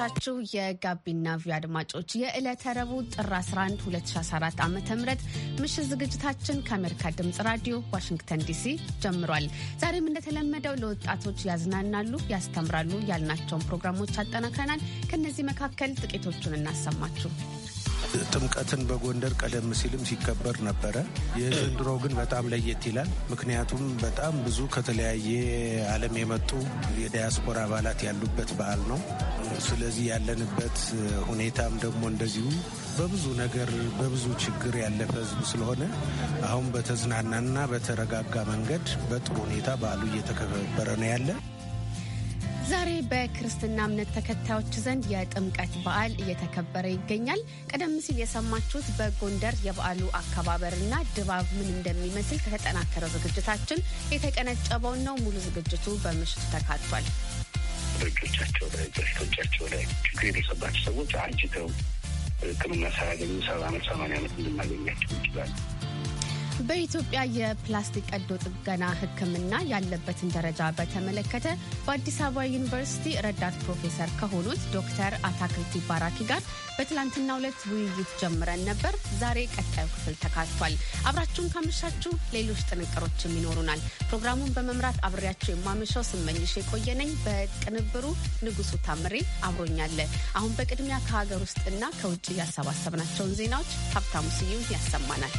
አመሻችሁ የጋቢና ቪ አድማጮች የዕለተ ረቡዕ ጥር 11 2014 ዓ ም ምሽት ዝግጅታችን ከአሜሪካ ድምፅ ራዲዮ ዋሽንግተን ዲሲ ጀምሯል። ዛሬም እንደተለመደው ለወጣቶች ያዝናናሉ፣ ያስተምራሉ ያልናቸውን ፕሮግራሞች አጠናክረናል። ከእነዚህ መካከል ጥቂቶቹን እናሰማችሁ። ጥምቀትን በጎንደር ቀደም ሲልም ሲከበር ነበረ። የዘንድሮ ግን በጣም ለየት ይላል። ምክንያቱም በጣም ብዙ ከተለያየ ዓለም የመጡ የዲያስፖራ አባላት ያሉበት በዓል ነው። ስለዚህ ያለንበት ሁኔታም ደግሞ እንደዚሁ በብዙ ነገር በብዙ ችግር ያለፈ ህዝብ ስለሆነ አሁን በተዝናናና በተረጋጋ መንገድ በጥሩ ሁኔታ በዓሉ እየተከበረ ነው ያለ ዛሬ በክርስትና እምነት ተከታዮች ዘንድ የጥምቀት በዓል እየተከበረ ይገኛል። ቀደም ሲል የሰማችሁት በጎንደር የበዓሉ አከባበርና ድባብ ምን እንደሚመስል ከተጠናከረው ዝግጅታችን የተቀነጨበውን ነው። ሙሉ ዝግጅቱ በምሽቱ ተካቷል። በእጆቻቸው ላይ በፊቶቻቸው ላይ ችግር የደረሰባቸው ሰዎች አጅተው ሕክምና ሳያገኙ ሰባ ዓመት ሰማንያ ዓመት እንድናገኛቸው እንችላለን። በኢትዮጵያ የፕላስቲክ ቀዶ ጥገና ሕክምና ያለበትን ደረጃ በተመለከተ በአዲስ አበባ ዩኒቨርሲቲ ረዳት ፕሮፌሰር ከሆኑት ዶክተር አታክልቲ ባራኪ ጋር በትላንትና ሁለት ውይይት ጀምረን ነበር። ዛሬ ቀጣዩ ክፍል ተካቷል። አብራችሁን ካመሻችሁ ሌሎች ጥንቅሮችም ይኖሩናል። ፕሮግራሙን በመምራት አብሬያችሁ የማመሻው ስመኝሽ የቆየነኝ፣ በቅንብሩ ንጉሱ ታምሬ አብሮኛለ። አሁን በቅድሚያ ከሀገር ውስጥና ከውጭ ያሰባሰብናቸውን ዜናዎች ሀብታሙ ስዩም ያሰማናል።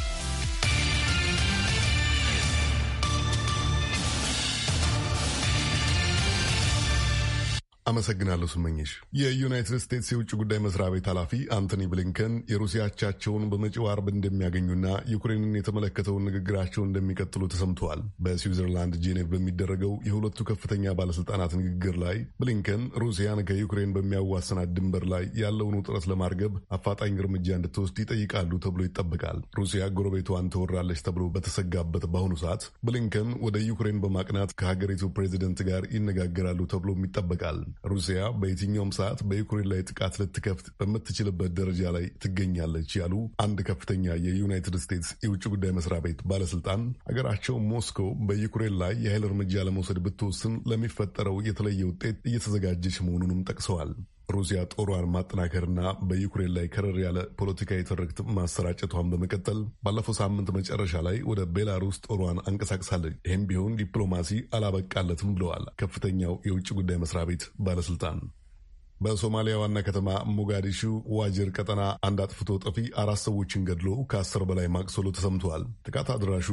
አመሰግናለሁ ስመኝሽ። የዩናይትድ ስቴትስ የውጭ ጉዳይ መስሪያ ቤት ኃላፊ አንቶኒ ብሊንከን የሩሲያቻቸውን በመጪው አርብ እንደሚያገኙና ዩክሬንን የተመለከተውን ንግግራቸውን እንደሚቀጥሉ ተሰምተዋል። በስዊዘርላንድ ጄኔቭ በሚደረገው የሁለቱ ከፍተኛ ባለስልጣናት ንግግር ላይ ብሊንከን ሩሲያን ከዩክሬን በሚያዋስናት ድንበር ላይ ያለውን ውጥረት ለማርገብ አፋጣኝ እርምጃ እንድትወስድ ይጠይቃሉ ተብሎ ይጠበቃል። ሩሲያ ጎረቤቷን ትወራለች ተብሎ በተሰጋበት በአሁኑ ሰዓት ብሊንከን ወደ ዩክሬን በማቅናት ከሀገሪቱ ፕሬዚደንት ጋር ይነጋገራሉ ተብሎም ይጠበቃል። ሩሲያ በየትኛውም ሰዓት በዩክሬን ላይ ጥቃት ልትከፍት በምትችልበት ደረጃ ላይ ትገኛለች ያሉ አንድ ከፍተኛ የዩናይትድ ስቴትስ የውጭ ጉዳይ መስሪያ ቤት ባለስልጣን ሀገራቸው ሞስኮ በዩክሬን ላይ የኃይል እርምጃ ለመውሰድ ብትወስን ለሚፈጠረው የተለየ ውጤት እየተዘጋጀች መሆኑንም ጠቅሰዋል። ሩሲያ ጦሯን ማጠናከርና በዩክሬን ላይ ከረር ያለ ፖለቲካዊ ትርክት ማሰራጨቷን በመቀጠል ባለፈው ሳምንት መጨረሻ ላይ ወደ ቤላሩስ ጦሯን አንቀሳቅሳለች። ይህም ቢሆን ዲፕሎማሲ አላበቃለትም ብለዋል ከፍተኛው የውጭ ጉዳይ መስሪያ ቤት ባለስልጣን። በሶማሊያ ዋና ከተማ ሞጋዲሹ ዋጅር ቀጠና አንድ አጥፍቶ ጠፊ አራት ሰዎችን ገድሎ ከአስር በላይ ማቅሰሉ ተሰምተዋል። ጥቃት አድራሹ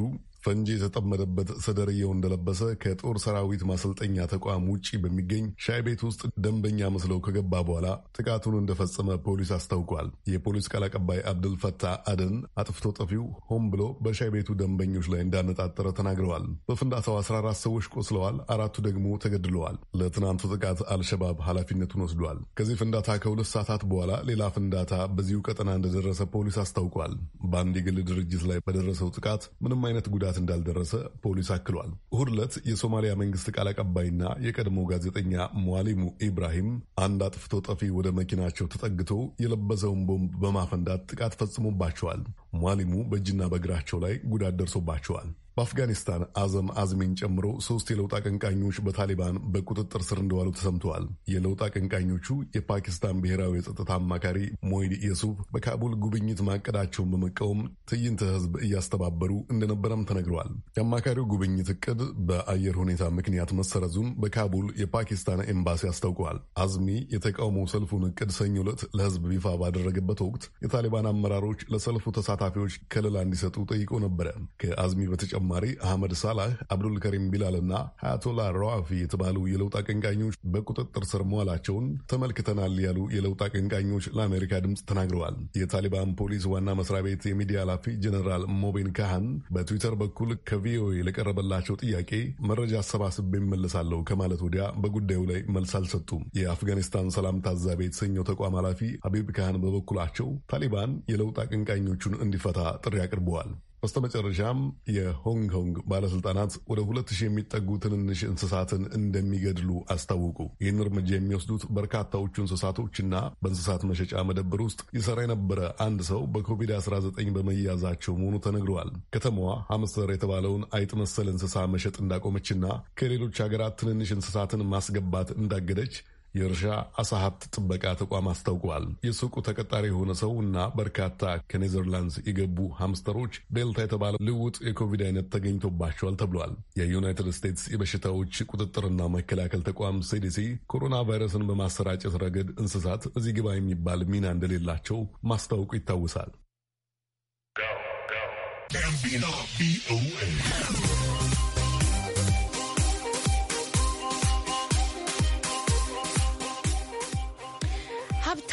ፈንጂ የተጠመደበት ሰደርየው እንደለበሰ ከጦር ሰራዊት ማሰልጠኛ ተቋም ውጪ በሚገኝ ሻይ ቤት ውስጥ ደንበኛ መስለው ከገባ በኋላ ጥቃቱን እንደፈጸመ ፖሊስ አስታውቋል። የፖሊስ ቃል አቀባይ አብዱልፈታ አደን አጥፍቶ ጠፊው ሆን ብሎ በሻይ ቤቱ ደንበኞች ላይ እንዳነጣጠረ ተናግረዋል። በፍንዳታው 14 ሰዎች ቆስለዋል፣ አራቱ ደግሞ ተገድለዋል። ለትናንቱ ጥቃት አልሸባብ ኃላፊነቱን ወስዷል። ከዚህ ፍንዳታ ከሁለት ሰዓታት በኋላ ሌላ ፍንዳታ በዚሁ ቀጠና እንደደረሰ ፖሊስ አስታውቋል። በአንድ የግል ድርጅት ላይ በደረሰው ጥቃት ምንም አይነት ጉዳት ጉዳት እንዳልደረሰ ፖሊስ አክሏል። እሁድ ዕለት የሶማሊያ መንግስት ቃል አቀባይና የቀድሞ ጋዜጠኛ ሟሊሙ ኢብራሂም አንድ አጥፍቶ ጠፊ ወደ መኪናቸው ተጠግቶ የለበሰውን ቦምብ በማፈንዳት ጥቃት ፈጽሞባቸዋል። ሟሊሙ በእጅና በእግራቸው ላይ ጉዳት ደርሶባቸዋል። በአፍጋኒስታን አዘም አዝሚን ጨምሮ ሶስት የለውጥ አቀንቃኞች በታሊባን በቁጥጥር ስር እንደዋሉ ተሰምተዋል። የለውጥ አቀንቃኞቹ የፓኪስታን ብሔራዊ የጸጥታ አማካሪ ሞይድ የሱፍ በካቡል ጉብኝት ማቀዳቸውን በመቃወም ትዕይንተ ህዝብ እያስተባበሩ እንደነበረም ተነግረዋል። የአማካሪው ጉብኝት እቅድ በአየር ሁኔታ ምክንያት መሰረዙን በካቡል የፓኪስታን ኤምባሲ አስታውቀዋል። አዝሚ የተቃውሞ ሰልፉን እቅድ ሰኞ ዕለት ለህዝብ ይፋ ባደረገበት ወቅት የታሊባን አመራሮች ለሰልፉ ተሳታፊዎች ከለላ እንዲሰጡ ጠይቆ ነበረ። ከአዝሚ በተጨማ በተጨማሪ አህመድ ሳላህ፣ አብዱል ከሪም እና ሀያቶላ ረዋፊ የተባሉ የለውጥ አቀንቃኞች በቁጥጥር ስር መዋላቸውን ተመልክተናል ያሉ የለውጥ አቀንቃኞች ለአሜሪካ ድምፅ ተናግረዋል። የታሊባን ፖሊስ ዋና መስሪያ ቤት የሚዲያ ኃላፊ ጀኔራል ሞቤን ካህን በትዊተር በኩል ከቪኦኤ ለቀረበላቸው ጥያቄ መረጃ አሰባስቤ መለሳለሁ ከማለት ወዲያ በጉዳዩ ላይ መልስ አልሰጡም። የአፍጋኒስታን ሰላም ታዛቢ የተሰኘው ተቋም ኃላፊ ሀቢብ ካህን በበኩላቸው ታሊባን የለውጥ አቀንቃኞቹን እንዲፈታ ጥሪ አቅርበዋል። በስተመጨረሻም የሆንግ ኮንግ ባለስልጣናት ወደ ሁለት ሺህ የሚጠጉ ትንንሽ እንስሳትን እንደሚገድሉ አስታወቁ። ይህን እርምጃ የሚወስዱት በርካታዎቹ እንስሳቶችና በእንስሳት መሸጫ መደብር ውስጥ ይሰራ የነበረ አንድ ሰው በኮቪድ-19 በመያዛቸው መሆኑ ተነግረዋል። ከተማዋ ሀምስተር የተባለውን አይጥ መሰል እንስሳ መሸጥ እንዳቆመችና ከሌሎች ሀገራት ትንንሽ እንስሳትን ማስገባት እንዳገደች የእርሻ አሳ ሀብት ጥበቃ ተቋም አስታውቀዋል። የሱቁ ተቀጣሪ የሆነ ሰው እና በርካታ ከኔዘርላንድስ የገቡ ሃምስተሮች ዴልታ የተባለ ልውጥ የኮቪድ አይነት ተገኝቶባቸዋል ተብሏል። የዩናይትድ ስቴትስ የበሽታዎች ቁጥጥርና መከላከል ተቋም ሲዲሲ ኮሮና ቫይረስን በማሰራጨት ረገድ እንስሳት እዚህ ግባ የሚባል ሚና እንደሌላቸው ማስታወቁ ይታወሳል።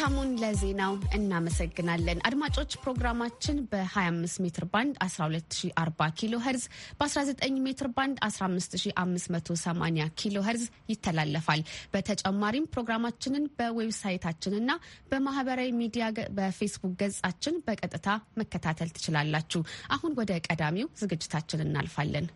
ሀብታሙን ለዜናው እናመሰግናለን። አድማጮች ፕሮግራማችን በ25 ሜትር ባንድ 12040 ኪሎ ኸርዝ በ19 ሜትር ባንድ 15580 ኪሎ ኸርዝ ይተላለፋል። በተጨማሪም ፕሮግራማችንን በዌብሳይታችን እና በማህበራዊ ሚዲያ በፌስቡክ ገጻችን በቀጥታ መከታተል ትችላላችሁ። አሁን ወደ ቀዳሚው ዝግጅታችን እናልፋለን።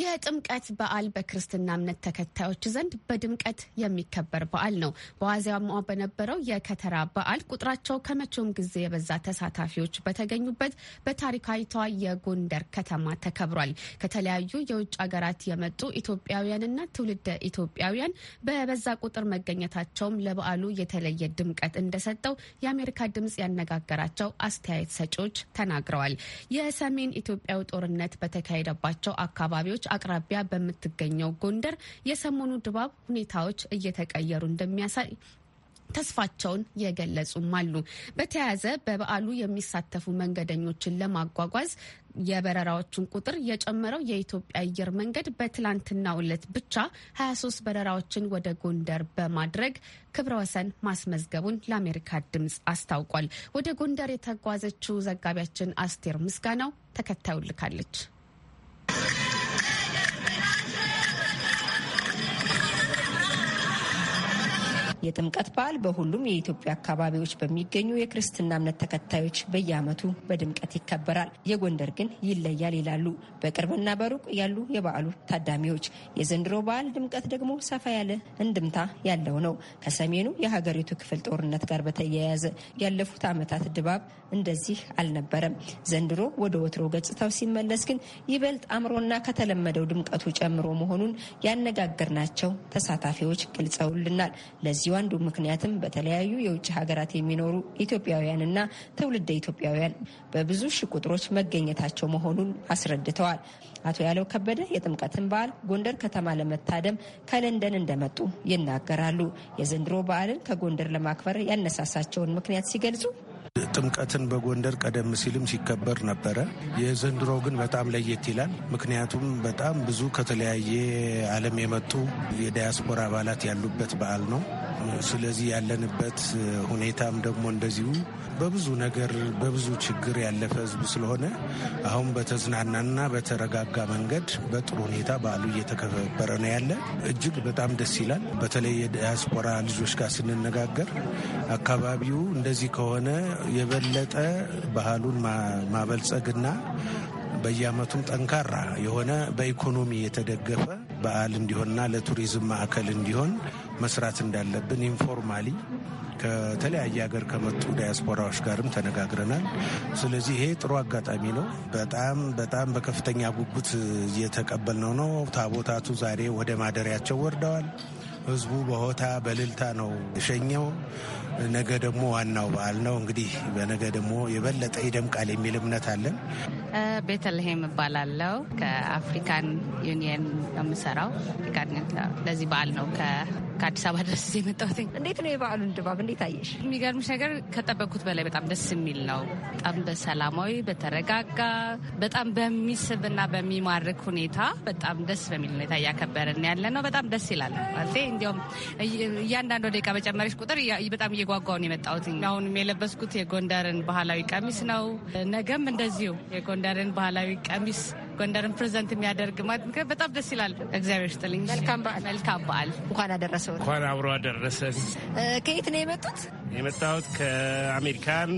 የጥምቀት በዓል በክርስትና እምነት ተከታዮች ዘንድ በድምቀት የሚከበር በዓል ነው። በዋዜማ በነበረው የከተራ በዓል ቁጥራቸው ከመቼውም ጊዜ የበዛ ተሳታፊዎች በተገኙበት በታሪካዊቷ የጎንደር ከተማ ተከብሯል። ከተለያዩ የውጭ ሀገራት የመጡ ኢትዮጵያውያንና ትውልደ ኢትዮጵያውያን በበዛ ቁጥር መገኘታቸውም ለበዓሉ የተለየ ድምቀት እንደሰጠው የአሜሪካ ድምጽ ያነጋገራቸው አስተያየት ሰጪዎች ተናግረዋል። የሰሜን ኢትዮጵያው ጦርነት በተካሄደባቸው አካባቢዎች ኮሌጅ አቅራቢያ በምትገኘው ጎንደር የሰሞኑ ድባብ ሁኔታዎች እየተቀየሩ እንደሚያሳይ ተስፋቸውን የገለጹም አሉ። በተያያዘ በበዓሉ የሚሳተፉ መንገደኞችን ለማጓጓዝ የበረራዎችን ቁጥር የጨመረው የኢትዮጵያ አየር መንገድ በትላንትናው ዕለት ብቻ 23 በረራዎችን ወደ ጎንደር በማድረግ ክብረ ወሰን ማስመዝገቡን ለአሜሪካ ድምፅ አስታውቋል። ወደ ጎንደር የተጓዘችው ዘጋቢያችን አስቴር ምስጋናው ተከታዩ ልካለች። የጥምቀት በዓል በሁሉም የኢትዮጵያ አካባቢዎች በሚገኙ የክርስትና እምነት ተከታዮች በየዓመቱ በድምቀት ይከበራል። የጎንደር ግን ይለያል ይላሉ በቅርብና በሩቅ ያሉ የበዓሉ ታዳሚዎች። የዘንድሮ በዓል ድምቀት ደግሞ ሰፋ ያለ እንድምታ ያለው ነው። ከሰሜኑ የሀገሪቱ ክፍል ጦርነት ጋር በተያያዘ ያለፉት ዓመታት ድባብ እንደዚህ አልነበረም። ዘንድሮ ወደ ወትሮ ገጽታው ሲመለስ ግን ይበልጥ አምሮና ከተለመደው ድምቀቱ ጨምሮ መሆኑን ያነጋገርናቸው ተሳታፊዎች ገልጸውልናል። ለዚ በዚህ አንዱ ምክንያትም በተለያዩ የውጭ ሀገራት የሚኖሩ ኢትዮጵያውያንና ትውልደ ኢትዮጵያውያን በብዙ ሺ ቁጥሮች መገኘታቸው መሆኑን አስረድተዋል። አቶ ያለው ከበደ የጥምቀትን በዓል ጎንደር ከተማ ለመታደም ከለንደን እንደመጡ ይናገራሉ። የዘንድሮ በዓልን ከጎንደር ለማክበር ያነሳሳቸውን ምክንያት ሲገልጹ ጥምቀትን በጎንደር ቀደም ሲልም ሲከበር ነበረ። የዘንድሮ ግን በጣም ለየት ይላል። ምክንያቱም በጣም ብዙ ከተለያየ ዓለም የመጡ የዳያስፖራ አባላት ያሉበት በዓል ነው። ስለዚህ ያለንበት ሁኔታም ደግሞ እንደዚሁ በብዙ ነገር በብዙ ችግር ያለፈ ህዝብ ስለሆነ አሁን በተዝናናና በተረጋጋ መንገድ በጥሩ ሁኔታ በዓሉ እየተከበረ ነው ያለ። እጅግ በጣም ደስ ይላል። በተለይ የዲያስፖራ ልጆች ጋር ስንነጋገር አካባቢው እንደዚህ ከሆነ የበለጠ ባህሉን ማበልጸግና በየአመቱም ጠንካራ የሆነ በኢኮኖሚ የተደገፈ በዓል እንዲሆንና ለቱሪዝም ማዕከል እንዲሆን መስራት እንዳለብን ኢንፎርማሊ ከተለያየ ሀገር ከመጡ ዲያስፖራዎች ጋርም ተነጋግረናል። ስለዚህ ይሄ ጥሩ አጋጣሚ ነው። በጣም በጣም በከፍተኛ ጉጉት እየተቀበልነው ነው። ታቦታቱ ዛሬ ወደ ማደሪያቸው ወርደዋል። ህዝቡ በሆታ በልልታ ነው የሸኘው። ነገ ደግሞ ዋናው በዓል ነው። እንግዲህ በነገ ደግሞ የበለጠ ይደምቃል የሚል እምነት አለን። ቤተልሔም እባላለሁ። ከአፍሪካን ዩኒየን የምሰራው። ለዚህ በዓል ነው ከአዲስ አበባ ድረስ እዚህ የመጣሁት። እንዴት ነው የበዓሉን ድባብ እንዴት አየሽ? የሚገርምሽ ነገር ከጠበቅኩት በላይ በጣም ደስ የሚል ነው። በጣም በሰላማዊ በተረጋጋ በጣም በሚስብና በሚማርክ ሁኔታ በጣም ደስ በሚል ሁኔታ እያከበርን ያለ ነው። በጣም ደስ ይላል። ማለቴ እንዲያውም እያንዳንዱ ደቂቃ በጨመረች ቁጥር በጣም እየጓጓውን የመጣሁት አሁንም የለበስኩት የጎንደርን ባህላዊ ቀሚስ ነው። ነገም እንደዚሁ የጎንደርን ባህላዊ ቀሚስ ጎንደርን ፕሬዘንት የሚያደርግ ማለት በጣም ደስ ይላል። እግዚአብሔር ይስጥልኝ። መልካም በዓል። እንኳን አደረሰው። እንኳን አብሮ አደረሰን። ከየት ነው የመጡት? የመጣሁት ከአሜሪካን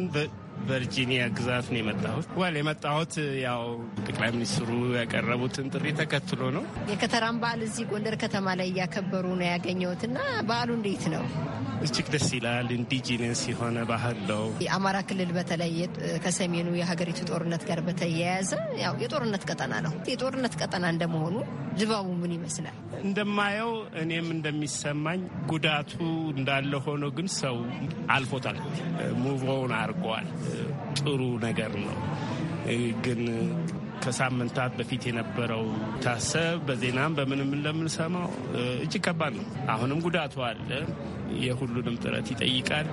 ቨርጂኒያ ግዛት ነው የመጣሁት። ዋል የመጣሁት ያው ጠቅላይ ሚኒስትሩ ያቀረቡትን ጥሪ ተከትሎ ነው። የከተራን በዓል እዚህ ጎንደር ከተማ ላይ እያከበሩ ነው ያገኘሁት እና በዓሉ እንዴት ነው? እጅግ ደስ ይላል። ኢንዲጂነስ የሆነ ባህል ነው። የአማራ ክልል በተለይ ከሰሜኑ የሀገሪቱ ጦርነት ጋር በተያያዘ ያው የጦርነት ቀጠና ነው። የጦርነት ቀጠና እንደመሆኑ ድባቡ ምን ይመስላል? እንደማየው እኔም እንደሚሰማኝ ጉዳቱ እንዳለ ሆኖ ግን ሰው አልፎታል፣ ሙቮውን አድርገዋል። ጥሩ ነገር ነው። ግን ከሳምንታት በፊት የነበረው ታሰብ በዜናም በምንም እንደምንሰማው እጅግ ከባድ ነው። አሁንም ጉዳቱ አለ። የሁሉንም ጥረት ይጠይቃል።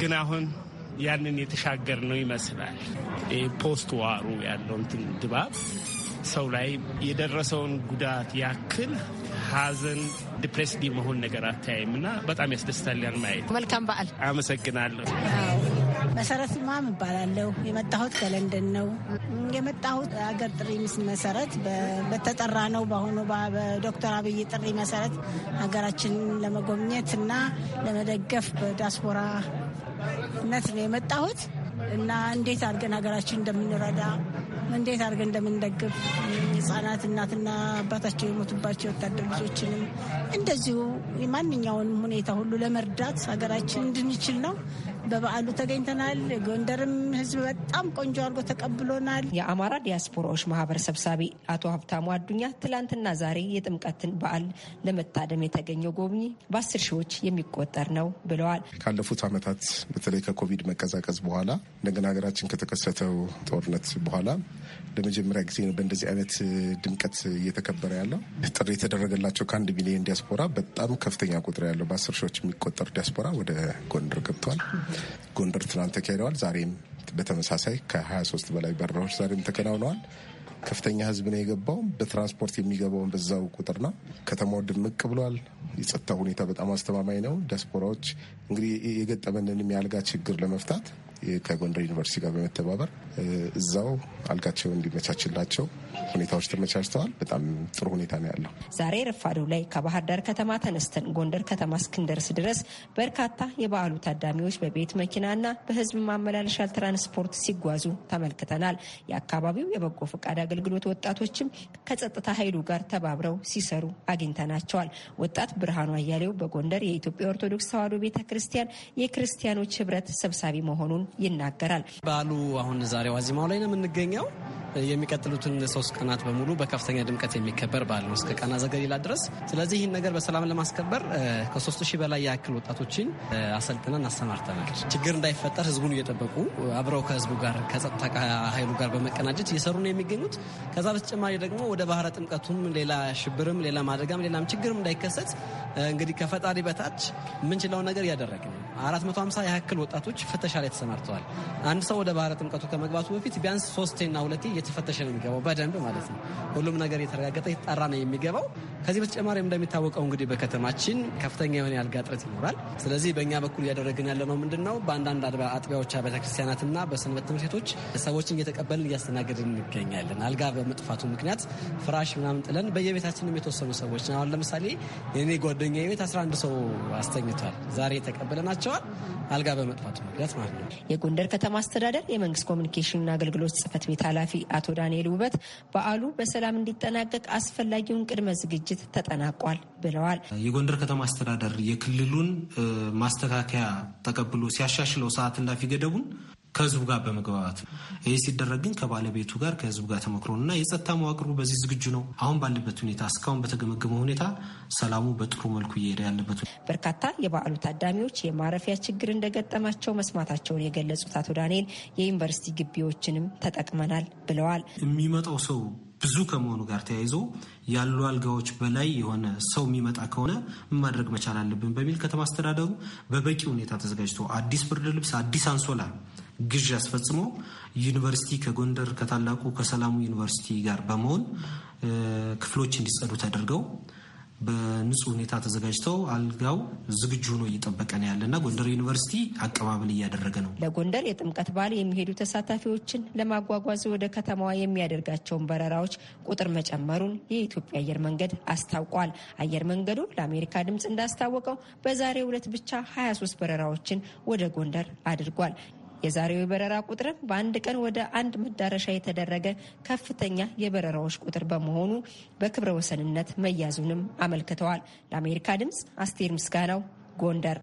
ግን አሁን ያንን የተሻገር ነው ይመስላል። ፖስት ዋሩ ያለው እንትን ድባብ ሰው ላይ የደረሰውን ጉዳት ያክል ሀዘን ዲፕሬስድ መሆን ነገር አታይም እና በጣም ያስደስታል ያን ማየት። መልካም በዓል። አመሰግናለሁ። መሰረት ማም እባላለሁ። የመጣሁት ከለንደን ነው። የመጣሁት አገር ጥሪ መሰረት በተጠራ ነው። በአሁኑ በዶክተር አብይ ጥሪ መሰረት ሀገራችንን ለመጎብኘት እና ለመደገፍ በዲያስፖራነት ነው የመጣሁት እና እንዴት አድርገን ሀገራችን እንደምንረዳ እንዴት አድርገን እንደምንደግፍ ህጻናት እናትና አባታቸው የሞቱባቸው የወታደር ልጆችንም እንደዚሁ ማንኛውንም ሁኔታ ሁሉ ለመርዳት ሀገራችን እንድንችል ነው። በበዓሉ ተገኝተናል። ጎንደርም ህዝብ በጣም ቆንጆ አድርጎ ተቀብሎናል። የአማራ ዲያስፖራዎች ማህበር ሰብሳቢ አቶ ሀብታሙ አዱኛ ትላንትና ዛሬ የጥምቀትን በዓል ለመታደም የተገኘው ጎብኚ በአስር ሺዎች የሚቆጠር ነው ብለዋል። ካለፉት ዓመታት በተለይ ከኮቪድ መቀዛቀዝ በኋላ እንደገና ሀገራችን ከተከሰተው ጦርነት በኋላ ለመጀመሪያ ጊዜ ነው በእንደዚህ አይነት ድምቀት እየተከበረ ያለው። ጥሪ የተደረገላቸው ከአንድ ሚሊዮን ዲያስፖራ በጣም ከፍተኛ ቁጥር ያለው በአስር ሺዎች የሚቆጠር ዲያስፖራ ወደ ጎንደር ገብተዋል። ጎንደር ትናንት ተካሂደዋል። ዛሬም በተመሳሳይ ከ23 በላይ በረራዎች ዛሬም ተከናውነዋል። ከፍተኛ ህዝብ ነው የገባው። በትራንስፖርት የሚገባውን በዛው ቁጥር ነው። ከተማው ድምቅ ብሏል። የጸጥታ ሁኔታ በጣም አስተማማኝ ነው። ዲያስፖራዎች እንግዲህ የገጠመንን የአልጋ ችግር ለመፍታት ከጎንደር ዩኒቨርሲቲ ጋር በመተባበር እዛው አልጋቸው እንዲመቻችላቸው ሁኔታዎች ተመቻችተዋል። በጣም ጥሩ ሁኔታ ነው ያለው። ዛሬ ረፋዱ ላይ ከባህር ዳር ከተማ ተነስተን ጎንደር ከተማ እስክንደርስ ድረስ በርካታ የበዓሉ ታዳሚዎች በቤት መኪናና በህዝብ ማመላለሻ ትራንስፖርት ሲጓዙ ተመልክተናል። የአካባቢው የበጎ ፈቃድ አገልግሎት ወጣቶችም ከጸጥታ ኃይሉ ጋር ተባብረው ሲሰሩ አግኝተናቸዋል። ወጣት ብርሃኑ አያሌው በጎንደር የኢትዮጵያ ኦርቶዶክስ ተዋሕዶ ቤተ ክርስቲያን የክርስቲያኖች ህብረት ሰብሳቢ መሆኑን ይናገራል። በዓሉ አሁን ዛሬ ዋዜማው ላይ ነው የምንገኘው። የሚቀጥሉትን ሶስት ቀናት በሙሉ በከፍተኛ ድምቀት የሚከበር በዓል ነው እስከ ቃና ዘገሊላ ድረስ። ስለዚህ ይህን ነገር በሰላም ለማስከበር ከሶስት ሺህ በላይ ያክል ወጣቶችን አሰልጥነን አሰማርተናል። ችግር እንዳይፈጠር ህዝቡን እየጠበቁ አብረው ከህዝቡ ጋር ከጸጥታ ኃይሉ ጋር በመቀናጀት እየሰሩ ነው የሚገኙት። ከዛ በተጨማሪ ደግሞ ወደ ባህረ ጥምቀቱም ሌላ ሽብርም፣ ሌላ ማደጋም፣ ሌላም ችግርም እንዳይከሰት እንግዲህ ከፈጣሪ በታች የምንችለውን ነገር እያደረግን ነው። አራት መቶ ሀምሳ ያክል ወጣቶች ፍተሻ ላይ ተሰማርተ ተሰርተዋል። አንድ ሰው ወደ ባህረ ጥምቀቱ ከመግባቱ በፊት ቢያንስ ሶስቴና ሁለቴ እየተፈተሸ ነው የሚገባው በደንብ ማለት ነው። ሁሉም ነገር የተረጋገጠ የተጠራ ነው የሚገባው። ከዚህ በተጨማሪ እንደሚታወቀው እንግዲህ በከተማችን ከፍተኛ የሆነ የአልጋ እጥረት ይኖራል። ስለዚህ በእኛ በኩል እያደረግን ያለ ነው ምንድን ነው በአንዳንድ አጥቢያዎች ቤተክርስቲያናትና በሰንበት ትምህርት ቤቶች ሰዎችን እየተቀበልን እያስተናገድን እንገኛለን። አልጋ በመጥፋቱ ምክንያት ፍራሽ ምናምን ጥለን በየቤታችንም የተወሰኑ ሰዎች አሁን ለምሳሌ የኔ ጓደኛ ቤት 11 ሰው አስተኝቷል። ዛሬ የተቀበለ ናቸዋል አልጋ በመጥፋቱ ምክንያት ማለት ነው። የጎንደር ከተማ አስተዳደር የመንግስት ኮሚኒኬሽን አገልግሎት ጽህፈት ቤት ኃላፊ አቶ ዳንኤል ውበት በዓሉ በሰላም እንዲጠናቀቅ አስፈላጊውን ቅድመ ዝግጅት ተጠናቋል ብለዋል። የጎንደር ከተማ አስተዳደር የክልሉን ማስተካከያ ተቀብሎ ሲያሻሽለው ሰዓትና ፊ ገደቡን ከህዝቡ ጋር በመግባባት ይህ ሲደረግ ግን ከባለቤቱ ጋር ከህዝቡ ጋር ተመክሮና የጸጥታ መዋቅሩ በዚህ ዝግጁ ነው። አሁን ባለበት ሁኔታ እስካሁን በተገመገመ ሁኔታ ሰላሙ በጥሩ መልኩ እየሄደ ያለበት። በርካታ የበዓሉ ታዳሚዎች የማረፊያ ችግር እንደገጠማቸው መስማታቸውን የገለጹት አቶ ዳንኤል የዩኒቨርሲቲ ግቢዎችንም ተጠቅመናል ብለዋል። የሚመጣው ሰው ብዙ ከመሆኑ ጋር ተያይዞ ያሉ አልጋዎች በላይ የሆነ ሰው የሚመጣ ከሆነ ማድረግ መቻል አለብን በሚል ከተማ አስተዳደሩ በበቂ ሁኔታ ተዘጋጅቶ አዲስ ብርድ ልብስ፣ አዲስ አንሶላ ግዥ አስፈጽሞ ዩኒቨርሲቲ ከጎንደር ከታላቁ ከሰላሙ ዩኒቨርሲቲ ጋር በመሆን ክፍሎች እንዲጸዱ ተደርገው በንጹህ ሁኔታ ተዘጋጅተው አልጋው ዝግጁ ሆኖ እየጠበቀ ነው ያለና ጎንደር ዩኒቨርሲቲ አቀባበል እያደረገ ነው። ለጎንደር የጥምቀት በዓል የሚሄዱ ተሳታፊዎችን ለማጓጓዝ ወደ ከተማዋ የሚያደርጋቸውን በረራዎች ቁጥር መጨመሩን የኢትዮጵያ አየር መንገድ አስታውቋል። አየር መንገዱ ለአሜሪካ ድምፅ እንዳስታወቀው በዛሬው ዕለት ብቻ 23 በረራዎችን ወደ ጎንደር አድርጓል። የዛሬው የበረራ ቁጥርም በአንድ ቀን ወደ አንድ መዳረሻ የተደረገ ከፍተኛ የበረራዎች ቁጥር በመሆኑ በክብረ ወሰንነት መያዙንም አመልክተዋል። ለአሜሪካ ድምፅ አስቴር ምስጋናው ጎንደር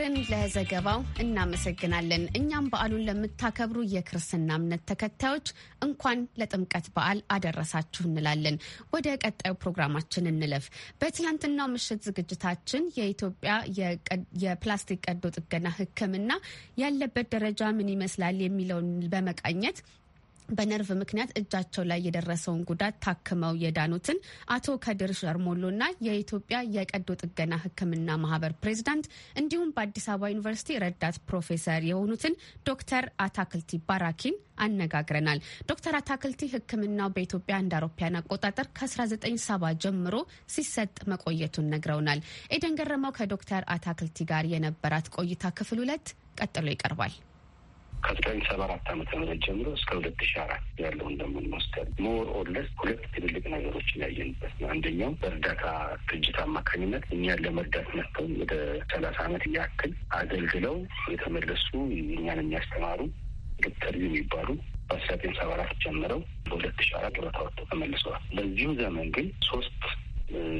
እስክንድርን ለዘገባው እናመሰግናለን። እኛም በዓሉን ለምታከብሩ የክርስትና እምነት ተከታዮች እንኳን ለጥምቀት በዓል አደረሳችሁ እንላለን። ወደ ቀጣዩ ፕሮግራማችን እንለፍ። በትላንትናው ምሽት ዝግጅታችን የኢትዮጵያ የፕላስቲክ ቀዶ ጥገና ሕክምና ያለበት ደረጃ ምን ይመስላል የሚለውን በመቃኘት በነርቭ ምክንያት እጃቸው ላይ የደረሰውን ጉዳት ታክመው የዳኑትን አቶ ከድር ሸርሞሎና የኢትዮጵያ የቀዶ ጥገና ሕክምና ማህበር ፕሬዚዳንት እንዲሁም በአዲስ አበባ ዩኒቨርሲቲ ረዳት ፕሮፌሰር የሆኑትን ዶክተር አታክልቲ ባራኪን አነጋግረናል። ዶክተር አታክልቲ ሕክምናው በኢትዮጵያ እንደ አውሮፓውያን አቆጣጠር ከ1970 ጀምሮ ሲሰጥ መቆየቱን ነግረውናል። ኤደን ገረመው ከዶክተር አታክልቲ ጋር የነበራት ቆይታ ክፍል ሁለት ቀጥሎ ይቀርባል። ከዘጠኝ ሰባ አራት ዓመተ ምህረት ጀምሮ እስከ ሁለት ሺ አራት ያለውን እንደምንወስደን ሞር ኦርለስ ሁለት ትልልቅ ነገሮች ያየንበት ነው። አንደኛው በእርዳታ ድርጅት አማካኝነት እኛን ለመርዳት መጥተው ወደ ሰላሳ ዓመት ያክል አገልግለው የተመለሱ እኛን የሚያስተማሩ ዶክተር የሚባሉ በአስራ ዘጠኝ ሰባ አራት ጀምረው በሁለት ሺ አራት ወደ ተመልሰዋል። በዚሁ ዘመን ግን ሶስት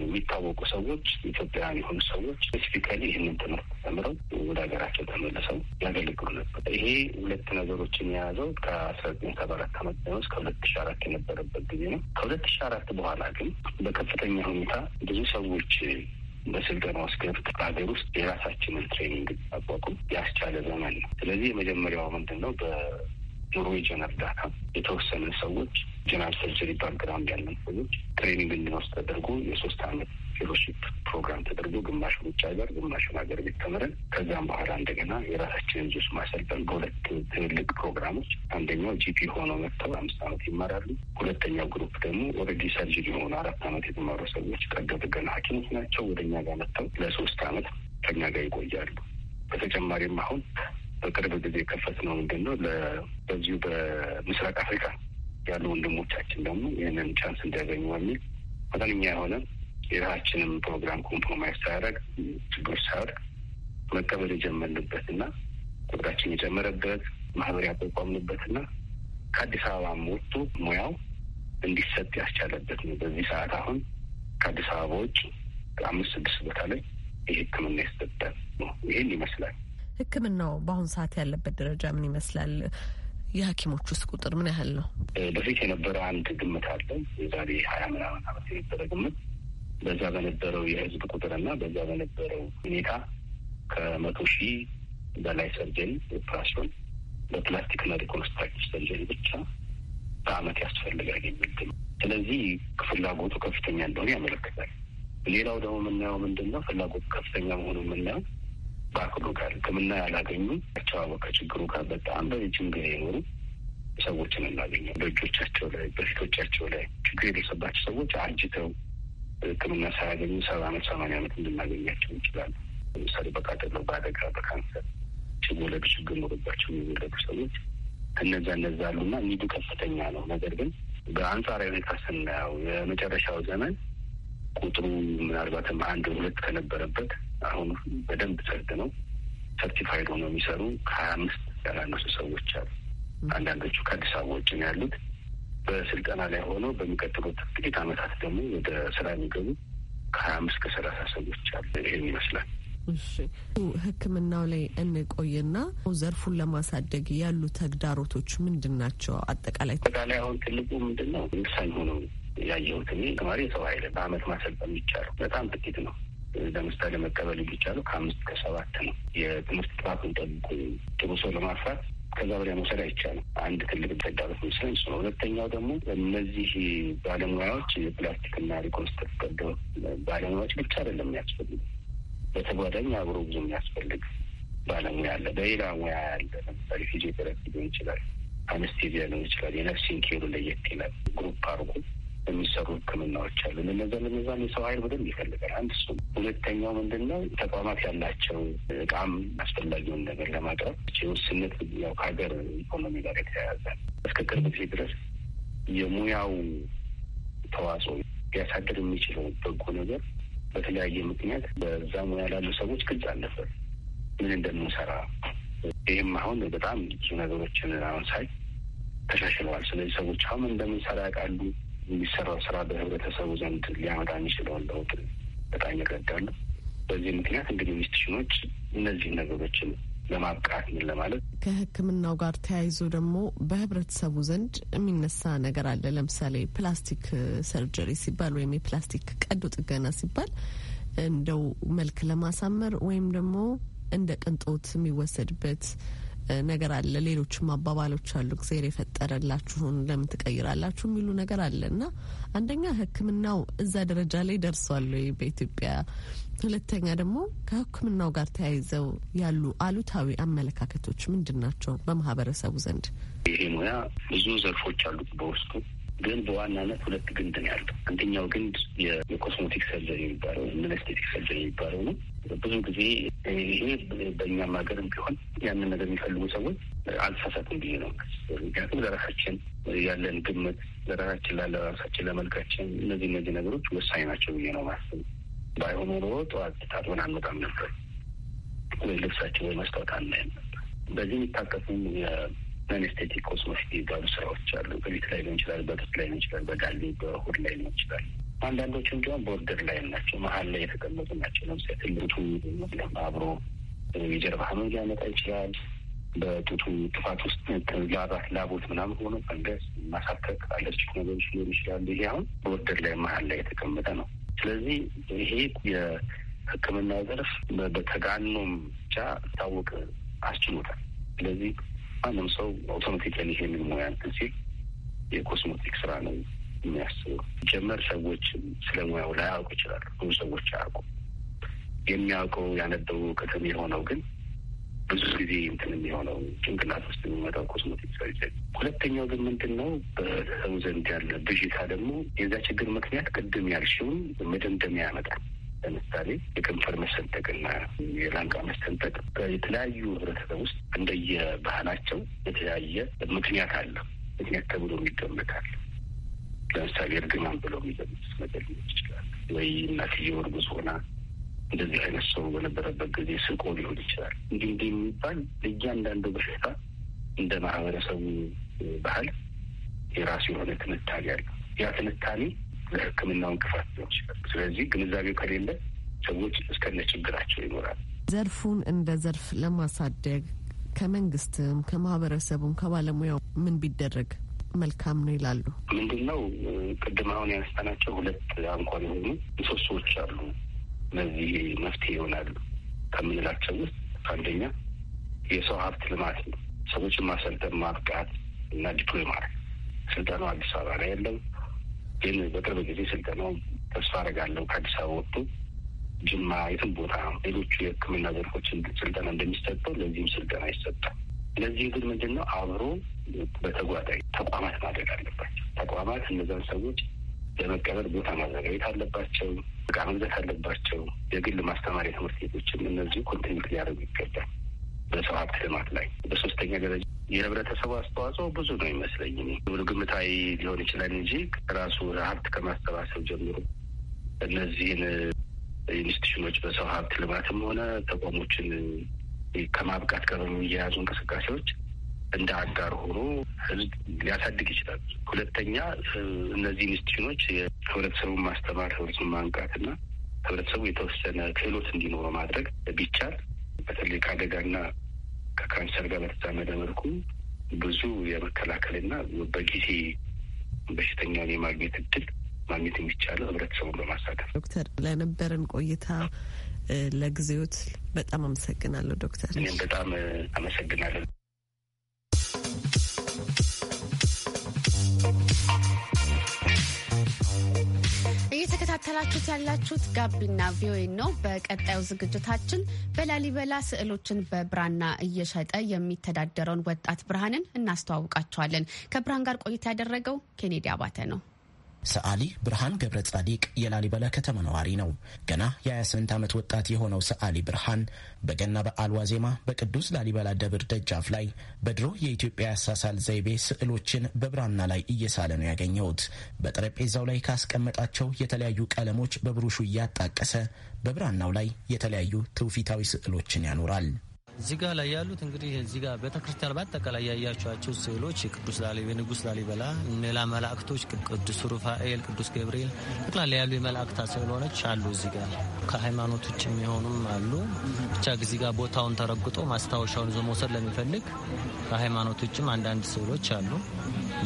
የሚታወቁ ሰዎች ኢትዮጵያውያን የሆኑ ሰዎች ስፔሲፊካሊ ይህንን ትምህርት ተምረው ወደ ሀገራቸው ተመልሰው ያገለግሉ ነበር። ይሄ ሁለት ነገሮችን የያዘው ከአስራ ዘጠኝ ሰባ አራት ዓመት ነው እስከ ሁለት ሺ አራት የነበረበት ጊዜ ነው። ከሁለት ሺ አራት በኋላ ግን በከፍተኛ ሁኔታ ብዙ ሰዎች በስልጠና ውስጥ ገብት በሀገር ውስጥ የራሳችንን ትሬኒንግ አቋቁም ያስቻለ ዘመን ነው። ስለዚህ የመጀመሪያው ምንድን ነው በኖርዌጅን እርዳታ የተወሰነ ሰዎች ጀነራል ሰርጀሪ ባክግራውንድ ያለን ሰዎች ትሬኒንግ እንዲኖስ ተደርጎ የሶስት አመት ፌሎሺፕ ፕሮግራም ተደርጎ ግማሽ ውጭ ሀገር ግማሹን ሀገር ቤት ተምረን ከዛም በኋላ እንደገና የራሳችንን ዙስ ማሰልጠን በሁለት ትልልቅ ፕሮግራሞች አንደኛው ጂፒ ሆኖ መጥተው አምስት አመት ይማራሉ። ሁለተኛው ግሩፕ ደግሞ ኦልሬዲ ሰርጅሪ የሆኑ አራት አመት የተማሩ ሰዎች ቀዶ ጥገና ሐኪሞች ናቸው። ወደ እኛ ጋር መጥተው ለሶስት አመት ከኛ ጋር ይቆያሉ። በተጨማሪም አሁን በቅርብ ጊዜ የከፈትነው ምንድን ነው በዚሁ በምስራቅ አፍሪካ ያሉ ወንድሞቻችን ደግሞ ይህንን ቻንስ እንዲያገኙ በሚል መጠነኛ የሆነ የራሳችንም ፕሮግራም ኮምፕሮማይዝ ሳያደርግ ችግር ሳያደርግ መቀበል የጀመርንበት እና ቁጥራችን የጨመረበት ማህበር ያቋቋምንበት እና ከአዲስ አበባም ወጥቶ ሙያው እንዲሰጥ ያስቻለበት ነው። በዚህ ሰዓት አሁን ከአዲስ አበባ ውጭ አምስት ስድስት ቦታ ላይ ይህ ሕክምና ይሰጣል ነው። ይህን ይመስላል። ህክምናው በአሁኑ ሰዓት ያለበት ደረጃ ምን ይመስላል? ውስጥ ቁጥር ምን ያህል ነው? በፊት የነበረው አንድ ግምት አለ። የዛሬ ሀያ ምናምን ዓመት የነበረ ግምት በዛ በነበረው የህዝብ ቁጥርና በዛ በነበረው ሁኔታ ከመቶ ሺህ በላይ ሰርጀን ኦፕራሲዮን በፕላስቲክና ሪኮንስትራክቲቭ ሰርጀን ብቻ በአመት ያስፈልጋል የሚል ስለዚህ ፍላጎቱ ከፍተኛ እንደሆነ ያመለክታል። ሌላው ደግሞ የምናየው ምንድን ነው? ፍላጎቱ ከፍተኛ መሆኑ የምናየው በአቅዱ ጋር ሕክምና ያላገኙ አቸዋበ ከችግሩ ጋር በጣም በረጅም ጊዜ የኖሩ ሰዎችን እናገኘ በእጆቻቸው ላይ በፊቶቻቸው ላይ ችግር የደረሰባቸው ሰዎች አርጅተው ሕክምና ሳያገኙ ሰባ አመት ሰማንያ አመት እንድናገኛቸው እንችላለን። ለምሳሌ በቃጠሎ፣ በአደጋ፣ በካንሰር ሲወለዱ ችግር ኖሮባቸው የሚወለዱ ሰዎች እነዛ እነዛ አሉና ኒዱ ከፍተኛ ነው። ነገር ግን በአንጻራዊ ሁኔታ ስናየው የመጨረሻው ዘመን ቁጥሩ ምናልባትም አንድ ሁለት ከነበረበት አሁን በደንብ ሰርድ ነው ሰርቲፋይድ ሆነው የሚሰሩ ከሀያ አምስት ያላነሱ ሰዎች አሉ። አንዳንዶቹ ከአዲስ አበባ ውጭ ነው ያሉት። በስልጠና ላይ ሆነው በሚቀጥሉት ጥቂት አመታት ደግሞ ወደ ስራ የሚገቡ ከሀያ አምስት ከሰላሳ ሰዎች አሉ። ይህን ይመስላል። እሺ ሕክምናው ላይ እንቆይና ዘርፉን ለማሳደግ ያሉ ተግዳሮቶች ምንድን ናቸው? አጠቃላይ አጠቃላይ አሁን ትልቁ ምንድን ነው? እንሳኝ ሆነው ያየሁት እኔ ተማሪ የሰው ኃይል በአመት ማሰልጠን የሚቻለው በጣም ጥቂት ነው። ለምሳሌ መቀበል የሚቻለው ከአምስት ከሰባት ነው። የትምህርት ጥራት እንጠብቁ ጥሩ ሰው ለማፍራት ከዛ በላይ መውሰድ አይቻልም። አንድ ትልቅ ተጋበት ምስል እሱ ነው። ሁለተኛው ደግሞ እነዚህ ባለሙያዎች የፕላስቲክና ሪኮንስትርክት ቀዶ ባለሙያዎች ብቻ አይደለም የሚያስፈልግ፣ በተጓዳኝ አብሮ ብዙ የሚያስፈልግ ባለሙያ አለ፣ በሌላ ሙያ ያለ ለምሳሌ ፊዚዮቴራፒ ሊሆን ይችላል፣ አነስቴዚያ ሊሆን ይችላል። የነፍሲን ኬሩ ለየት ይላል ግሩፕ አርጎ የሚሰሩ ህክምናዎች አሉ። ለነዛ ለነዛም የሰው ሀይል በደንብ ይፈልጋል። አንድ እሱ። ሁለተኛው ምንድን ነው ተቋማት ያላቸው እቃም አስፈላጊውን ነገር ለማቅረብ ውስንነት ያው ከሀገር ኢኮኖሚ ጋር የተያያዘ እስከ ቅርብ ጊዜ ድረስ የሙያው ተዋጽኦ ሊያሳድር የሚችለው በጎ ነገር በተለያየ ምክንያት በዛ ሙያ ላሉ ሰዎች ግልጽ አልነበር ምን እንደምንሰራ። ይህም አሁን በጣም ብዙ ነገሮችን አሁን ሳይ ተሻሽለዋል። ስለዚህ ሰዎች አሁን እንደምንሰራ ያውቃሉ። የሚሰራው ስራ በህብረተሰቡ ዘንድ ሊያመጣ የሚችለውን ለውጥ በጣም ይረዳሉ። በዚህ ምክንያት እንግዲህ ኢንስቲትዩሽኖች እነዚህ ነገሮችን ለማብቃት ምን ለማለት ከህክምናው ጋር ተያይዞ ደግሞ በህብረተሰቡ ዘንድ የሚነሳ ነገር አለ። ለምሳሌ ፕላስቲክ ሰርጀሪ ሲባል ወይም የፕላስቲክ ቀዶ ጥገና ሲባል እንደው መልክ ለማሳመር ወይም ደግሞ እንደ ቅንጦት የሚወሰድበት ነገር አለ። ሌሎችም አባባሎች አሉ። እግዚአብሔር የፈጠረላችሁን ለምን ትቀይራላችሁ የሚሉ ነገር አለ እና አንደኛ ሕክምናው እዛ ደረጃ ላይ ደርሷል በኢትዮጵያ። ሁለተኛ ደግሞ ከሕክምናው ጋር ተያይዘው ያሉ አሉታዊ አመለካከቶች ምንድን ናቸው በማህበረሰቡ ዘንድ? ይሄ ሙያ ብዙ ዘርፎች አሉት በውስጡ ግን በዋናነት ሁለት ግንድ ነው ያለው። አንደኛው ግንድ የኮስሞቲክ ሰርጀሪ የሚባለው ሚነስቴቲክ ሰርጀሪ የሚባለው ነው። ብዙ ጊዜ ይሄ በእኛም ሀገርም ቢሆን ያንን ነገር የሚፈልጉ ሰዎች አልተሳሳትም ብዬ ነው። ምክንያቱም ለራሳችን ያለን ግምት ለራሳችን ላለ ራሳችን ለመልካችን እነዚህ እነዚህ ነገሮች ወሳኝ ናቸው ብዬ ነው ማስብ። ባይሆኑ ኖሮ ጠዋት ታጥበን አንወጣም ነበር ወይ ልብሳችን ወይ መስታወት አናይም ነበር። በዚህ የሚታቀፉ የነንስቴቲክ ኮስሞቲክ የሚባሉ ስራዎች አሉ። በቤት ላይ ሊሆን ይችላል፣ በጡት ላይ ሊሆን ይችላል፣ በጋሌ በሆድ ላይ ሊሆን ይችላል። አንዳንዶቹ እንዲሁም ቦርደር ላይ ናቸው፣ መሀል ላይ የተቀመጡ ናቸው። ለምሳሌ ትልቱ አብሮ የጀርባ ህመም ሊያመጣ ይችላል። በጡቱ ጥፋት ውስጥ ላባት ላቦት ምናምን ሆኖ ፈንገስ ማሳከክ አለርጂክ ነገሮች ሊሆን ይችላሉ። ይሄ አሁን ቦርደር ላይ መሀል ላይ የተቀመጠ ነው። ስለዚህ ይሄ የህክምና ዘርፍ በተጋኖም ብቻ ታወቅ አስችሎታል። ስለዚህ ማንም ሰው አውቶማቲካሊ ይሄንን ሙያ እንትን ሲል የኮስሞቲክ ስራ ነው የሚያስበው። ጀመር ሰዎች ስለ ሙያው ላያውቁ ይችላሉ። ብዙ ሰዎች አያውቁም። የሚያውቀው ያነበቡ ከተም የሆነው ግን ብዙ ጊዜ እንትን የሚሆነው ጭንቅላት ውስጥ የሚመጣው ኮስሞቲክ ሰርጀሪ። ሁለተኛው ግን ምንድን ነው በሰው ዘንድ ያለ ብዥታ ደግሞ የዛ ችግር ምክንያት ቅድም ያልሽውን መደምደሚያ ያመጣል። ለምሳሌ የከንፈር መሰንጠቅና የላንቃ መሰንጠቅ የተለያዩ ህብረተሰብ ውስጥ እንደየባህላቸው የተለያየ ምክንያት አለ። ምክንያት ተብሎ የሚገመታል። ለምሳሌ እርግማን ብሎ የሚገምት ነገር ይችላል ወይ እናትየው እርጉዝ ሆና እንደዚህ አይነት ሰው በነበረበት ጊዜ ስቆ ሊሆን ይችላል። እንዲህ እንዲህ የሚባል ለእያንዳንዱ በሽታ እንደ ማህበረሰቡ ባህል የራሱ የሆነ ትንታኔ አለው። ያ ትንታኔ ለሕክምናው እንቅፋት ሊሆን ይችላል። ስለዚህ ግንዛቤው ከሌለ ሰዎች እስከነ ችግራቸው ይኖራል። ዘርፉን እንደ ዘርፍ ለማሳደግ ከመንግስትም ከማህበረሰቡም ከባለሙያው ምን ቢደረግ መልካም ነው ይላሉ? ምንድን ነው ቅድም አሁን ያነሳናቸው ሁለት አንኳር የሆኑ ምሰሶዎች አሉ። እነዚህ መፍትሄ ይሆናሉ ከምንላቸው ውስጥ አንደኛ የሰው ሀብት ልማት ነው። ሰዎችን ማሰልጠን፣ ማብቃት እና ዲፕሎይ ማድረግ። ስልጠናው አዲስ አበባ ላይ ያለው ግን በቅርብ ጊዜ ስልጠናው ተስፋ አደርጋለሁ ከአዲስ አበባ ወጥቶ ጅማ፣ የትም ቦታ ሌሎቹ የሕክምና ዘርፎችን ስልጠና እንደሚሰጠው ለዚህም ስልጠና ይሰጣል። ለዚህ ግን ምንድን ነው አብሮ በተጓዳኝ ተቋማት ማድረግ አለባቸው። ተቋማት እነዛን ሰዎች ለመቀበል ቦታ ማዘጋጀት አለባቸው፣ እቃ መግዛት አለባቸው። የግል ማስተማሪያ ትምህርት ቤቶችም እነዚሁ ኮንቲኒት ሊያደርጉ ይገባል በሰው ሀብት ልማት ላይ። በሶስተኛ ደረጃ የህብረተሰቡ አስተዋጽኦ ብዙ ነው ይመስለኝ። ብሎ ግምታዊ ሊሆን ይችላል እንጂ ራሱ ሀብት ከማሰባሰብ ጀምሮ እነዚህን ኢንስቲቱሽኖች በሰው ሀብት ልማትም ሆነ ተቋሞችን ከማብቃት ጋር በሚያያዙ እንቅስቃሴዎች እንደ አጋር ሆኖ ህዝብ ሊያሳድግ ይችላል። ሁለተኛ እነዚህ ኢንስቲትዩኖች ህብረተሰቡን ማስተማር፣ ህብረተሰቡን ማንቃትና ህብረተሰቡ የተወሰነ ክህሎት እንዲኖረው ማድረግ ቢቻል በተለይ ከአደጋና ከካንሰር ጋር በተዛመደ መልኩ ብዙ የመከላከልና በጊዜ በሽተኛውን የማግኘት እድል ማግኘት የሚቻለው ህብረተሰቡን በማሳተፍ። ዶክተር ለነበረን ቆይታ ለጊዜዎት በጣም አመሰግናለሁ። ዶክተር እኔም በጣም አመሰግናለሁ። እየተከታተላችሁት ያላችሁት ጋቢና ቪኦኤ ነው። በቀጣዩ ዝግጅታችን በላሊበላ ስዕሎችን በብራና እየሸጠ የሚተዳደረውን ወጣት ብርሃንን እናስተዋውቃቸዋለን። ከብርሃን ጋር ቆይታ ያደረገው ኬኔዲ አባተ ነው። ሰዓሊ ብርሃን ገብረ ጻዲቅ የላሊበላ ከተማ ነዋሪ ነው። ገና የ28 ዓመት ወጣት የሆነው ሰዓሊ ብርሃን በገና በዓል ዋዜማ በቅዱስ ላሊበላ ደብር ደጃፍ ላይ በድሮ የኢትዮጵያ ያሳሳል ዘይቤ ስዕሎችን በብራና ላይ እየሳለ ነው ያገኘሁት። በጠረጴዛው ላይ ካስቀመጣቸው የተለያዩ ቀለሞች በብሩሹ እያጣቀሰ በብራናው ላይ የተለያዩ ትውፊታዊ ስዕሎችን ያኖራል። እዚህ ጋር ላይ ያሉት እንግዲህ እዚህ ጋር ቤተክርስቲያን በአጠቃላይ ያያቸዋቸው ስዕሎች የቅዱስ ላሊበ ንጉስ ላሊበላ፣ ሌላ መላእክቶች ቅዱስ ሩፋኤል፣ ቅዱስ ገብርኤል ጠቅላላ ያሉ የመላእክታ ስዕሎች አሉ። እዚህ ጋር ከሃይማኖት ውጭ የሚሆኑም አሉ። ብቻ እዚህ ጋር ቦታውን ተረግጦ ማስታወሻውን ይዞ መውሰድ ለሚፈልግ ከሃይማኖት ውጭም አንዳንድ ስዕሎች አሉ።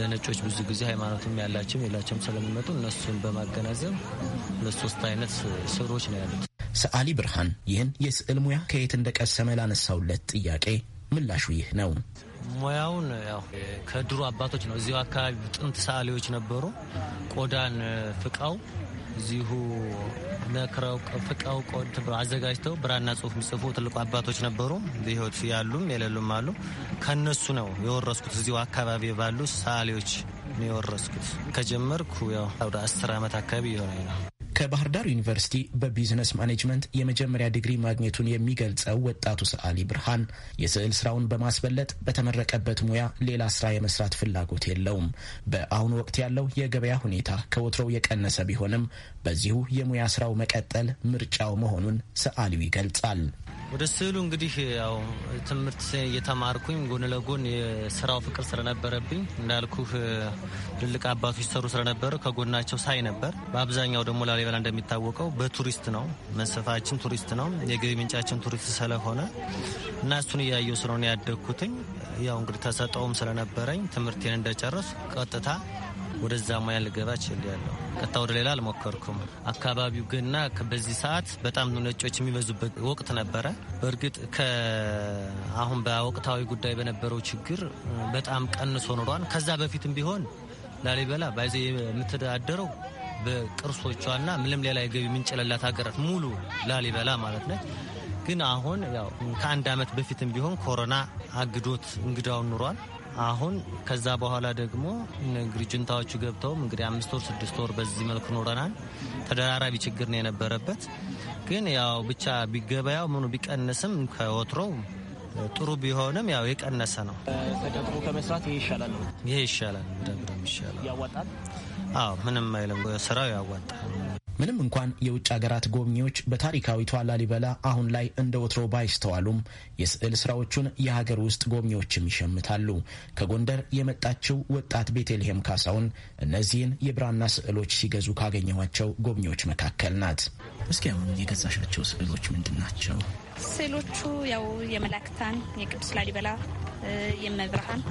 ለነጮች ብዙ ጊዜ ሃይማኖትም ያላቸውም የላቸውም ስለሚመጡ እነሱን በማገናዘብ ለሶስት አይነት ስዕሎች ነው ያሉት። ሰዓሊ ብርሃን ይህን የስዕል ሙያ ከየት እንደቀሰመ ላነሳውለት ጥያቄ ምላሹ ይህ ነው። ሙያውን ያው ከድሮ አባቶች ነው። እዚሁ አካባቢ ጥንት ሰዓሊዎች ነበሩ። ቆዳን ፍቃው እዚሁ ነክረው ፍቃው አዘጋጅተው ብራና ጽሁፍ የሚጽፉ ትልቁ አባቶች ነበሩ። በህይወት ያሉም የሌሉም አሉ። ከነሱ ነው የወረስኩት። እዚሁ አካባቢ ባሉ ሰዓሊዎች ነው የወረስኩት። ከጀመርኩ ያው አስር ዓመት አካባቢ የሆነ ነው። ከባህር ዳር ዩኒቨርሲቲ በቢዝነስ ማኔጅመንት የመጀመሪያ ዲግሪ ማግኘቱን የሚገልጸው ወጣቱ ሰዓሊ ብርሃን የስዕል ስራውን በማስበለጥ በተመረቀበት ሙያ ሌላ ስራ የመስራት ፍላጎት የለውም። በአሁኑ ወቅት ያለው የገበያ ሁኔታ ከወትሮው የቀነሰ ቢሆንም በዚሁ የሙያ ስራው መቀጠል ምርጫው መሆኑን ሰዓሊው ይገልጻል። ወደ ስዕሉ እንግዲህ ያው ትምህርት እየተማርኩኝ ጎን ለጎን የስራው ፍቅር ስለነበረብኝ እንዳልኩህ ትልቅ አባቶች ሰሩ ስለነበረ ከጎናቸው ሳይ ነበር። በአብዛኛው ደግሞ ላሊበላ እንደሚታወቀው በቱሪስት ነው መስፋችን፣ ቱሪስት ነው የገቢ ምንጫችን ቱሪስት ስለሆነ እና እሱን እያየው ስለሆነ ያደግኩትኝ ያው እንግዲህ ተሰጠውም ስለነበረኝ ትምህርቴን እንደጨረስ ቀጥታ ወደዛ ሙያ ልገባ ያለው ቀጥታ ወደ ሌላ አልሞከርኩም። አካባቢው ግና በዚህ ሰዓት በጣም ነጮች የሚበዙበት ወቅት ነበረ። በእርግጥ አሁን በወቅታዊ ጉዳይ በነበረው ችግር በጣም ቀንሶ ኑሯን ከዛ በፊትም ቢሆን ላሊበላ ባይዘ የምትዳደረው በቅርሶቿና ምንም ሌላ የገቢ ምንጭለላት ሀገር ሙሉ ላሊበላ ማለት ነች። ግን አሁን ያው ከአንድ አመት በፊትም ቢሆን ኮሮና አግዶት እንግዳውን ኑሯል። አሁን ከዛ በኋላ ደግሞ ግርጅንታዎቹ ገብተውም እንግዲህ አምስት ወር ስድስት ወር በዚህ መልኩ ኖረናል። ተደራራቢ ችግር ነው የነበረበት። ግን ያው ብቻ ቢገበያው ምኑ ቢቀንስም ከወትሮው ጥሩ ቢሆንም ያው የቀነሰ ነው። ተቀጥሮ ከመስራት ይሄ ይሻላል፣ ነው ይሄ ይሻላል፣ ደግሞ ይሻላል፣ ያዋጣል። አዎ ምንም አይልም፣ ስራው ያዋጣል። ምንም እንኳን የውጭ ሀገራት ጎብኚዎች በታሪካዊቷ ላሊበላ አሁን ላይ እንደ ወትሮ ባይስተዋሉም የስዕል ስራዎቹን የሀገር ውስጥ ጎብኚዎችም ይሸምታሉ። ከጎንደር የመጣችው ወጣት ቤተልሔም ካሳውን እነዚህን የብራና ስዕሎች ሲገዙ ካገኘኋቸው ጎብኚዎች መካከል ናት። እስኪ አሁን የገዛሻቸው ስዕሎች ምንድን ናቸው? ስዕሎቹ ያው የመላክታን፣ የቅዱስ ላሊበላ፣ የመብርሃን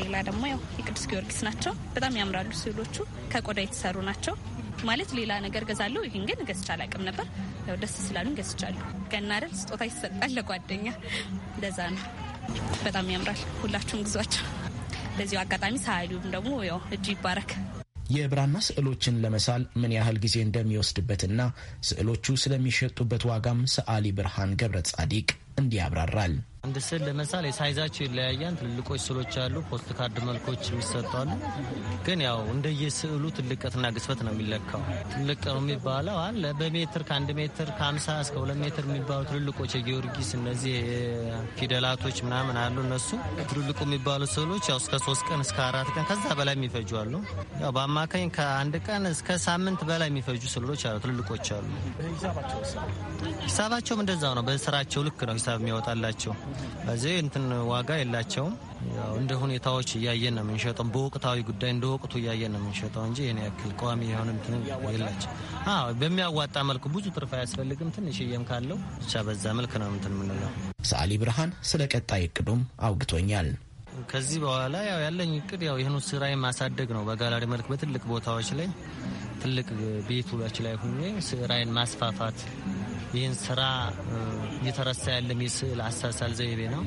ሌላ ደግሞ ያው የቅዱስ ጊዮርጊስ ናቸው። በጣም ያምራሉ ስዕሎቹ። ከቆዳ የተሰሩ ናቸው። ማለት ሌላ ነገር ገዛለሁ፣ ይህን ግን ገዝቼ አላውቅም ነበር። ያው ደስ ስላሉኝ ገዝቻለሁ። ገና አይደል ስጦታ ይሰጣል ለጓደኛ፣ ለዛ ነው። በጣም ያምራል። ሁላችሁም ግዟቸው። በዚሁ አጋጣሚ ሳያሉም ደግሞ ያው እጁ ይባረክ። የብራና ስዕሎችን ለመሳል ምን ያህል ጊዜ እንደሚወስድበትና ስዕሎቹ ስለሚሸጡበት ዋጋም ሰዓሊ ብርሃን ገብረ ጻዲቅ እንዲያብራራል። አንድ ስዕል ለምሳሌ ሳይዛቸው ይለያያል። ትልልቆች ስዕሎች አሉ፣ ፖስት ካርድ መልኮች የሚሰጧሉ። ግን ያው እንደየስዕሉ ትልቀትና ግስበት ነው የሚለካው። ትልቅ ነው የሚባለው አለ በሜትር ከአንድ ሜትር ከአምሳ እስከ ሁለት ሜትር የሚባሉ ትልልቆች የጊዮርጊስ እነዚህ ፊደላቶች ምናምን አሉ። እነሱ ትልልቁ የሚባሉ ስዕሎች ያው እስከ ሶስት ቀን እስከ አራት ቀን ከዛ በላይ የሚፈጁ አሉ። ያው በአማካኝ ከአንድ ቀን እስከ ሳምንት በላይ የሚፈጁ ስዕሎች አሉ፣ ትልልቆች አሉ። ሂሳባቸውም እንደዛው ነው። በስራቸው ልክ ነው ሂሳብ የሚያወጣላቸው በዚህ እንትን ዋጋ የላቸውም። እንደ ሁኔታዎች እያየን ነው የምንሸጠው። በወቅታዊ ጉዳይ እንደ ወቅቱ እያየን ነው የምንሸጠው እንጂ ይህን ያክል ቋሚ የሆነ እንትን የላቸው። በሚያዋጣ መልኩ ብዙ ትርፍ አያስፈልግም። ትንሽዬም ካለው ብቻ በዛ መልክ ነው እንትን የምንለው። ሰዓሊ ብርሃን ስለ ቀጣይ እቅዱም አውግቶኛል። ከዚህ በኋላ ያው ያለኝ እቅድ ያው ይህኑ ስራ ማሳደግ ነው። በጋላሪ መልክ በትልቅ ቦታዎች ላይ ትልቅ ቤቶች ላይ ሁኜ ስራዬን ማስፋፋት ይህን ስራ እየተረሳ ያለም የስዕል አሳሳል ዘይቤ ነው።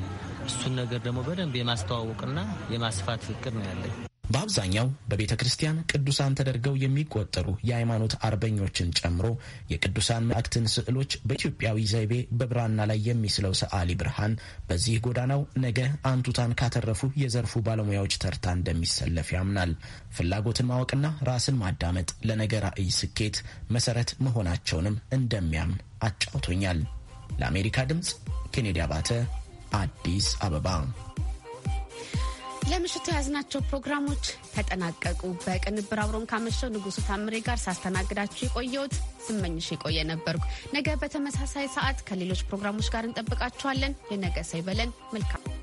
እሱን ነገር ደግሞ በደንብ የማስተዋወቅና የማስፋት ፍቅር ነው ያለኝ። በአብዛኛው በቤተ ክርስቲያን ቅዱሳን ተደርገው የሚቆጠሩ የሃይማኖት አርበኞችን ጨምሮ የቅዱሳን መላእክትን ስዕሎች በኢትዮጵያዊ ዘይቤ በብራና ላይ የሚስለው ሰዓሊ ብርሃን በዚህ ጎዳናው ነገ አንቱታን ካተረፉ የዘርፉ ባለሙያዎች ተርታ እንደሚሰለፍ ያምናል። ፍላጎትን ማወቅና ራስን ማዳመጥ ለነገ ራዕይ ስኬት መሰረት መሆናቸውንም እንደሚያምን አጫውቶኛል። ለአሜሪካ ድምፅ ኬኔዲ አባተ አዲስ አበባ ለምሽቱ የያዝናቸው ፕሮግራሞች ተጠናቀቁ። በቅንብር አብሮን ካመሸው ንጉሱ ታምሬ ጋር ሳስተናግዳችሁ የቆየሁት ስመኝሽ የቆየ ነበርኩ። ነገ በተመሳሳይ ሰዓት ከሌሎች ፕሮግራሞች ጋር እንጠብቃችኋለን። የነገ ሰው ይበለን። መልካም